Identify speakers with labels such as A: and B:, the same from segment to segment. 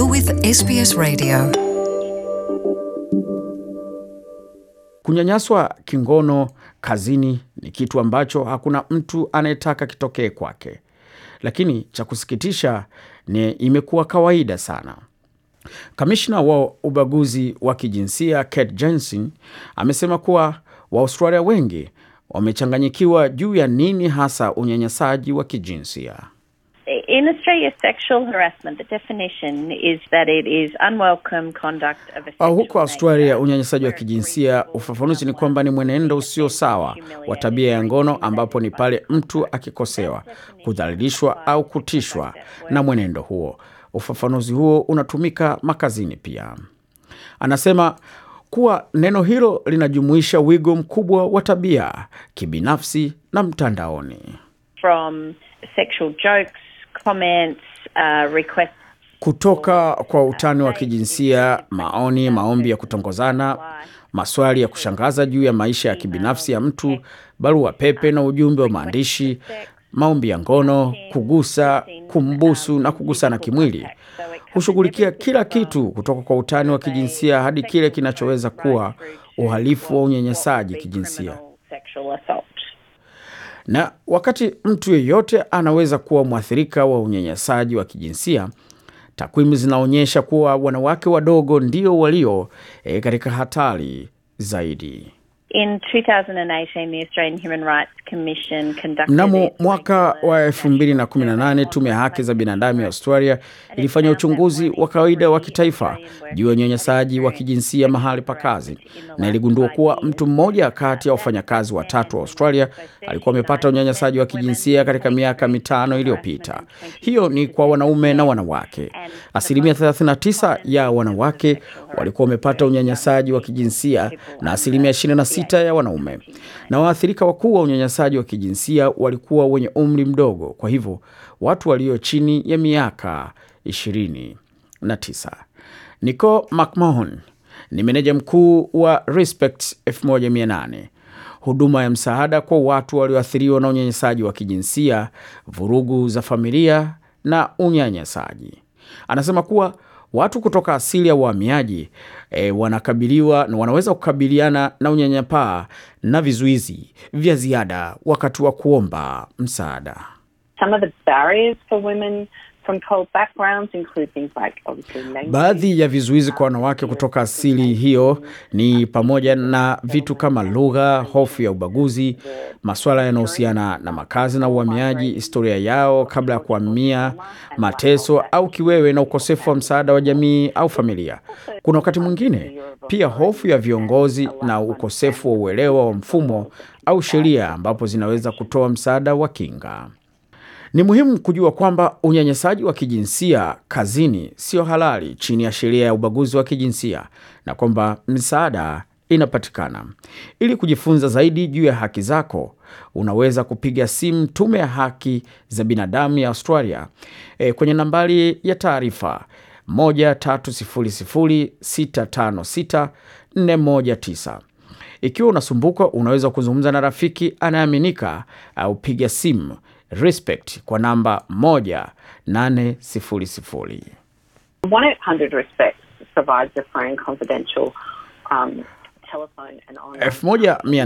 A: You're with SBS Radio. Kunyanyaswa kingono kazini ni kitu ambacho hakuna mtu anayetaka kitokee kwake, lakini cha kusikitisha ni imekuwa kawaida sana. Kamishna wa ubaguzi wa kijinsia Kate Jensen amesema kuwa Waaustralia wengi wamechanganyikiwa juu ya nini hasa unyanyasaji wa kijinsia in Australia, sexual harassment, the definition is that it is unwelcome conduct of a sexual huko Australia, unyanyasaji wa kijinsia, ufafanuzi ni kwamba ni mwenendo usio sawa wa tabia ya ngono, ambapo ni pale mtu akikosewa, kudhalilishwa au kutishwa na mwenendo huo. Ufafanuzi huo unatumika makazini pia. Anasema kuwa neno hilo linajumuisha wigo mkubwa wa tabia kibinafsi na mtandaoni From sexual jokes comments, uh, requests kutoka kwa utani wa kijinsia, maoni, maombi ya kutongozana, maswali ya kushangaza juu ya maisha ya kibinafsi ya mtu, barua pepe na ujumbe wa maandishi, maombi ya ngono, kugusa, kumbusu na kugusana kimwili. Hushughulikia kila kitu kutoka kwa utani wa kijinsia hadi kile kinachoweza kuwa uhalifu wa unyanyasaji kijinsia. Na wakati mtu yeyote anaweza kuwa mwathirika wa unyanyasaji wa kijinsia, takwimu zinaonyesha kuwa wanawake wadogo ndio walio e, katika hatari zaidi. Mnamo mwaka wa 2018 tume ya haki za binadamu ya Australia ilifanya uchunguzi wa kawaida wa kitaifa juu ya unyanyasaji wa kijinsia mahali pa kazi na iligundua kuwa mtu mmoja kati ya wafanyakazi watatu wa Australia alikuwa amepata unyanyasaji wa kijinsia katika miaka mitano iliyopita. Hiyo ni kwa wanaume na wanawake. Asilimia 39 ya wanawake walikuwa wamepata unyanyasaji wa kijinsia na asilimia 26 sita ya wanaume, na waathirika wakuu wa unyanyasaji wa kijinsia walikuwa wenye umri mdogo, kwa hivyo watu walio chini ya miaka 29. Nico McMahon ni meneja mkuu wa Respect 1800 huduma ya msaada kwa watu walioathiriwa na unyanyasaji wa kijinsia, vurugu za familia na unyanyasaji. Anasema kuwa watu kutoka asili ya uhamiaji e, wanakabiliwa na wanaweza kukabiliana na unyanyapaa na vizuizi vya ziada wakati wa kuomba msaada. Some of the barriers for women Baadhi ya vizuizi kwa wanawake kutoka asili hiyo ni pamoja na vitu kama lugha, hofu ya ubaguzi, masuala yanayohusiana na makazi na uhamiaji, historia yao kabla ya kuhamia, mateso au kiwewe na ukosefu wa msaada wa jamii au familia. Kuna wakati mwingine pia hofu ya viongozi na ukosefu wa uelewa wa mfumo au sheria ambapo zinaweza kutoa msaada wa kinga. Ni muhimu kujua kwamba unyanyasaji wa kijinsia kazini sio halali chini ya sheria ya ubaguzi wa kijinsia na kwamba msaada inapatikana. Ili kujifunza zaidi juu ya haki zako, unaweza kupiga simu Tume ya Haki za Binadamu ya Australia e, kwenye nambari ya taarifa 1300656419. Ikiwa unasumbuka, unaweza kuzungumza na rafiki anayeaminika au piga simu Respect kwa namba 1800. respect provides a free confidential um,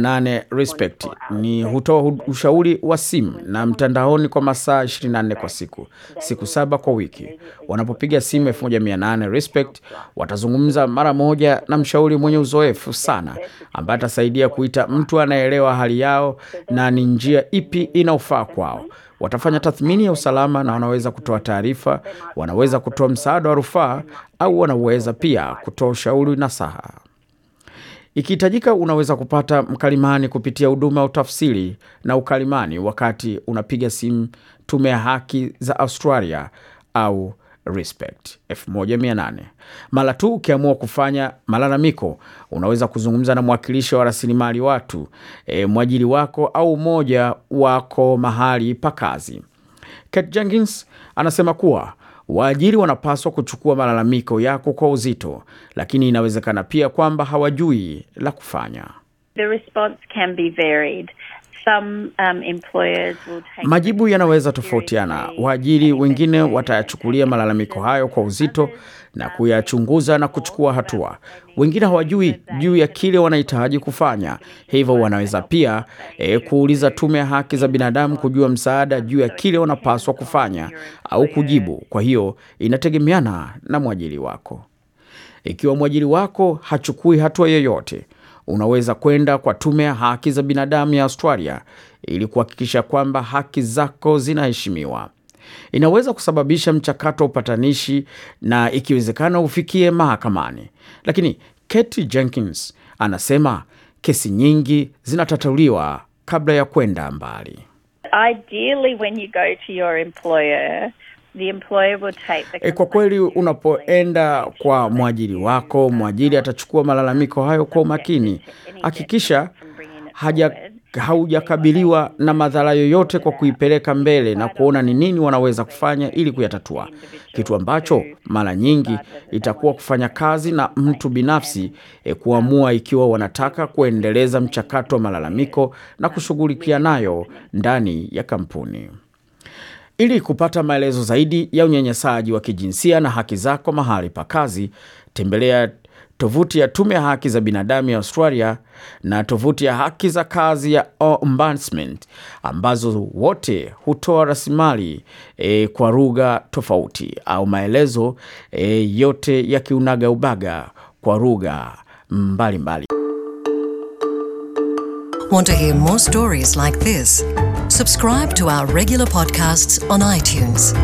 A: nane Respect ni hutoa ushauri wa simu na mtandaoni kwa masaa 24 kwa siku, siku saba kwa wiki. Wanapopiga simu nane Respect watazungumza mara moja na mshauri mwenye uzoefu sana, ambaye atasaidia kuita mtu anayeelewa hali yao na ni njia ipi inaofaa kwao. Watafanya tathmini ya usalama na wanaweza kutoa taarifa, wanaweza kutoa msaada wa rufaa, au wanaweza pia kutoa ushauri na saha. Ikihitajika, unaweza kupata mkalimani kupitia huduma ya utafsiri na ukalimani wakati unapiga simu Tume ya Haki za Australia au Respect 1800. Mara tu ukiamua kufanya malalamiko, unaweza kuzungumza na mwakilishi wa rasilimali watu e, mwajiri wako au mmoja wako mahali pa kazi. Kate Jenkins anasema kuwa Waajiri wanapaswa kuchukua malalamiko yako kwa uzito, lakini inawezekana pia kwamba hawajui la kufanya. The response can be varied um, Majibu yanaweza tofautiana. Waajiri wengine watayachukulia malalamiko hayo kwa uzito um, na kuyachunguza na kuchukua hatua. Wengine hawajui juu ya kile wanahitaji kufanya, hivyo wanaweza pia e, kuuliza Tume ya Haki za Binadamu kujua msaada juu ya kile wanapaswa kufanya au kujibu. Kwa hiyo inategemeana na mwajiri wako. Ikiwa mwajiri wako hachukui hatua yoyote, unaweza kwenda kwa Tume ya Haki za Binadamu ya Australia ili kuhakikisha kwamba haki zako zinaheshimiwa. Inaweza kusababisha mchakato wa upatanishi na ikiwezekana ufikie mahakamani. Lakini Katie Jenkins anasema kesi nyingi zinatatuliwa kabla ya kwenda mbali. Ideally, when you go to your employer, e, kwa kweli unapoenda kwa mwajiri wako, mwajiri atachukua malalamiko hayo kwa umakini. Hakikisha haja haujakabiliwa na madhara yoyote kwa kuipeleka mbele na kuona ni nini wanaweza kufanya ili kuyatatua, kitu ambacho mara nyingi itakuwa kufanya kazi na mtu binafsi e, kuamua um, ikiwa wanataka kuendeleza mchakato wa malalamiko na kushughulikia nayo ndani ya kampuni. Ili kupata maelezo zaidi ya unyanyasaji wa kijinsia na haki zako mahali pa kazi, tembelea tovuti ya Tume ya Haki za Binadamu ya Australia na tovuti ya Haki za Kazi ya Ombudsman ambazo wote hutoa rasilimali e, kwa lugha tofauti au maelezo e, yote ya kiunaga ubaga kwa lugha mbalimbali. subscribe to our regular podcasts on iTunes.